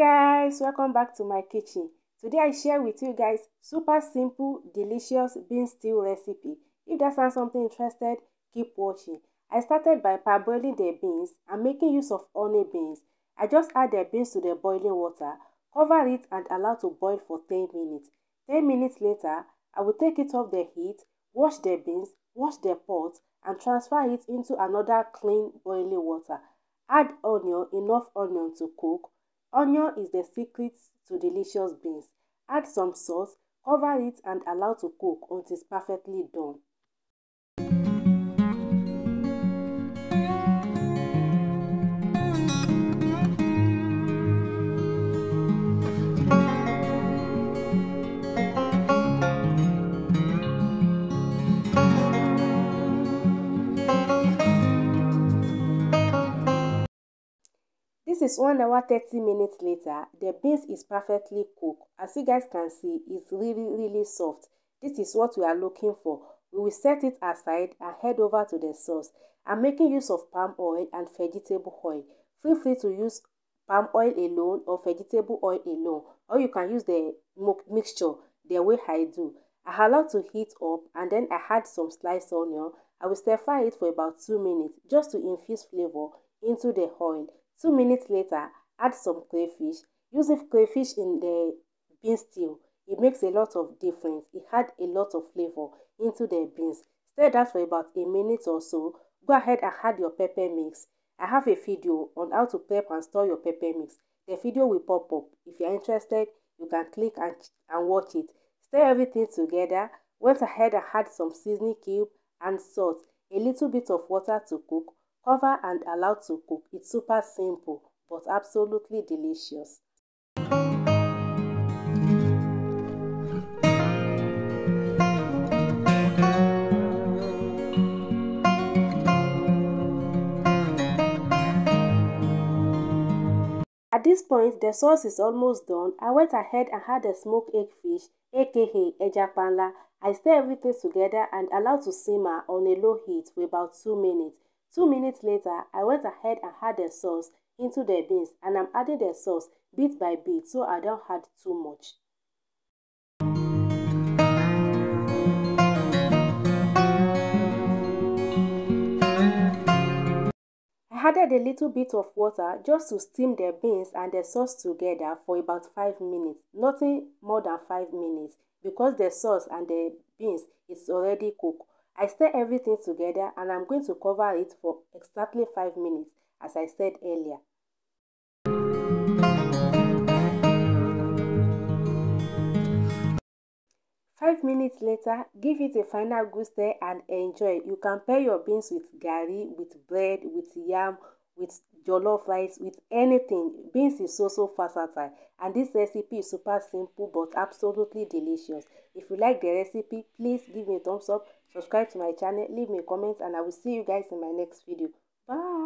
guys welcome back to my kitchen today i share with you guys super simple delicious bean stew recipe if that sounds something interested keep watching i started by parboiling the beans and making use of honey beans i just add the beans to the boiling water cover it and allow to boil for 10 minutes 10 minutes later i will take it off the heat wash the beans wash the pot and transfer it into another clean boiling water add onion enough onion to cook Onion is the secret to delicious beans, add some sauce, cover it and allow to cook until perfectly done. This is one hour 30 minutes later, the beans is perfectly cooked, as you guys can see it's really really soft, this is what we are looking for, we will set it aside and head over to the sauce. I'm making use of palm oil and vegetable oil, feel free to use palm oil alone or vegetable oil alone or you can use the mixture the way I do. I allow to heat up and then I add some sliced onion, I will stir fry it for about two minutes just to infuse flavor into the oil. Two minutes later, add some crayfish. Using crayfish in the bean stew, it makes a lot of difference. It adds a lot of flavor into the beans. Stir that for about a minute or so. Go ahead and add your pepper mix. I have a video on how to prep and store your pepper mix. The video will pop up. If you're interested, you can click and, and watch it. Stir everything together. Went ahead and add some seasoning cube and salt. A little bit of water to cook. Cover and allow to cook. It's super simple but absolutely delicious. At this point, the sauce is almost done. I went ahead and had a smoked egg fish, aka eja I stir everything together and allow to simmer on a low heat for about 2 minutes. Two minutes later, I went ahead and had the sauce into the beans and I'm adding the sauce bit by bit so I don't add too much. I added a little bit of water just to steam the beans and the sauce together for about 5 minutes, nothing more than 5 minutes because the sauce and the beans is already cooked. I stir everything together and I'm going to cover it for exactly 5 minutes as I said earlier. Five minutes later, give it a final good stir and enjoy. You can pair your beans with gari, with bread, with yam, with jollof rice, with anything. Beans is so, so versatile. And this recipe is super simple but absolutely delicious. If you like the recipe, please give me a thumbs up, subscribe to my channel, leave me a comment, and I will see you guys in my next video. Bye!